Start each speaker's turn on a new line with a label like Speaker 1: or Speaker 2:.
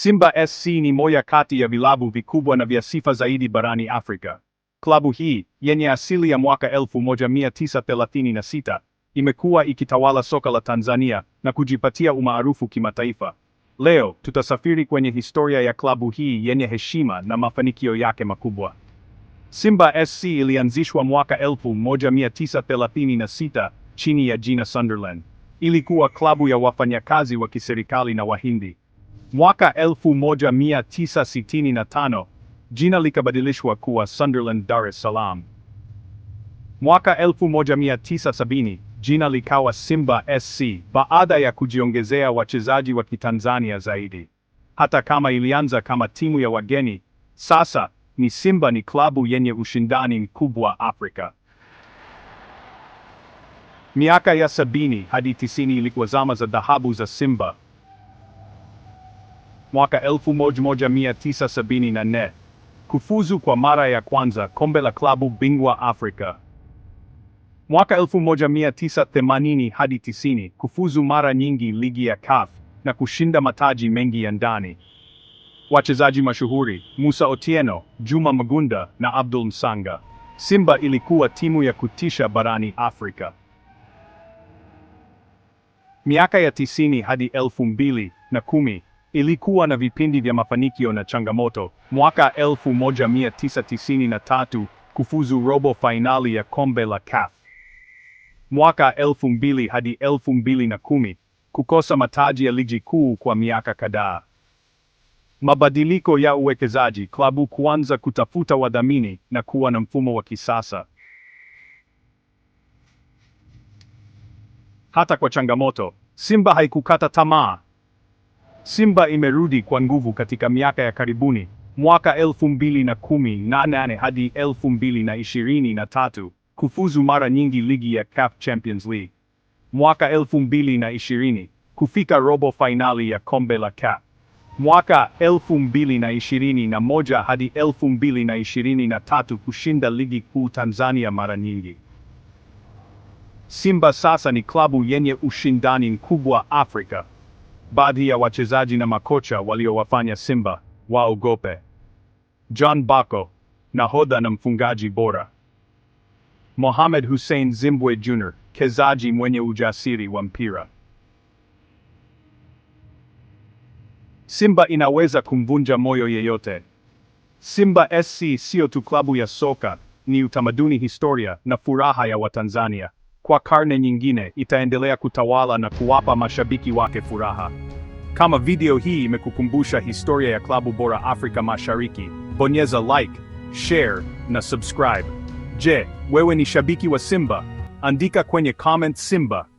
Speaker 1: Simba SC ni moja kati ya vilabu vikubwa na vya sifa zaidi barani Afrika. Klabu hii yenye asili ya mwaka 1936 imekuwa ikitawala soka la Tanzania na kujipatia umaarufu kimataifa. Leo tutasafiri kwenye historia ya klabu hii yenye heshima na mafanikio yake makubwa. Simba SC ilianzishwa mwaka 1936 chini ya jina Sunderland. Ilikuwa klabu ya wafanyakazi wa kiserikali na Wahindi. Mwaka 1965 jina likabadilishwa kuwa Sunderland, Dar es Salaam. Mwaka 1970 jina likawa Simba SC baada ya kujiongezea wachezaji wa Kitanzania zaidi. Hata kama ilianza kama timu ya wageni, sasa ni Simba ni klabu yenye ushindani mkubwa Afrika. Miaka ya sabini hadi tisini ilikuwa zama za dhahabu za Simba mwaka 1974 kufuzu kwa mara ya kwanza kombe la klabu bingwa Afrika. Mwaka 1980 hadi 90 kufuzu mara nyingi ligi ya CAF na kushinda mataji mengi ya ndani. Wachezaji mashuhuri Musa Otieno, Juma Magunda na Abdul Msanga. Simba ilikuwa timu ya kutisha barani Afrika. Miaka ya tisini hadi elfu mbili na kumi Ilikuwa na vipindi vya mafanikio na changamoto. Mwaka 1993 kufuzu robo fainali ya kombe la CAF. Mwaka 2000 hadi 2010 kukosa mataji ya ligi kuu kwa miaka kadhaa. Mabadiliko ya uwekezaji, klabu kuanza kutafuta wadhamini na kuwa na mfumo wa kisasa. Hata kwa changamoto, Simba haikukata tamaa. Simba imerudi kwa nguvu katika miaka ya karibuni. Mwaka elfu mbili na kumi na nane hadi elfu mbili na ishirini na tatu kufuzu mara nyingi ligi ya CAF Champions League. Mwaka elfu mbili na ishirini kufika robo fainali ya kombe la CAF. Mwaka elfu mbili na ishirini na moja hadi elfu mbili na ishirini na tatu kushinda ligi kuu Tanzania mara nyingi. Simba sasa ni klabu yenye ushindani mkubwa Afrika baadhi ya wachezaji na makocha waliowafanya Simba waogope. John Bako, nahodha na mfungaji bora. Mohamed Hussein Zimbwe Jr, mchezaji mwenye ujasiri wa mpira. Simba inaweza kumvunja moyo yeyote. Simba SC sio tu klabu ya soka, ni utamaduni, historia na furaha ya Watanzania kwa karne nyingine itaendelea kutawala na kuwapa mashabiki wake furaha. Kama video hii imekukumbusha historia ya klabu bora Afrika Mashariki, bonyeza like, share na subscribe. Je, wewe ni shabiki wa Simba? Andika kwenye comment Simba.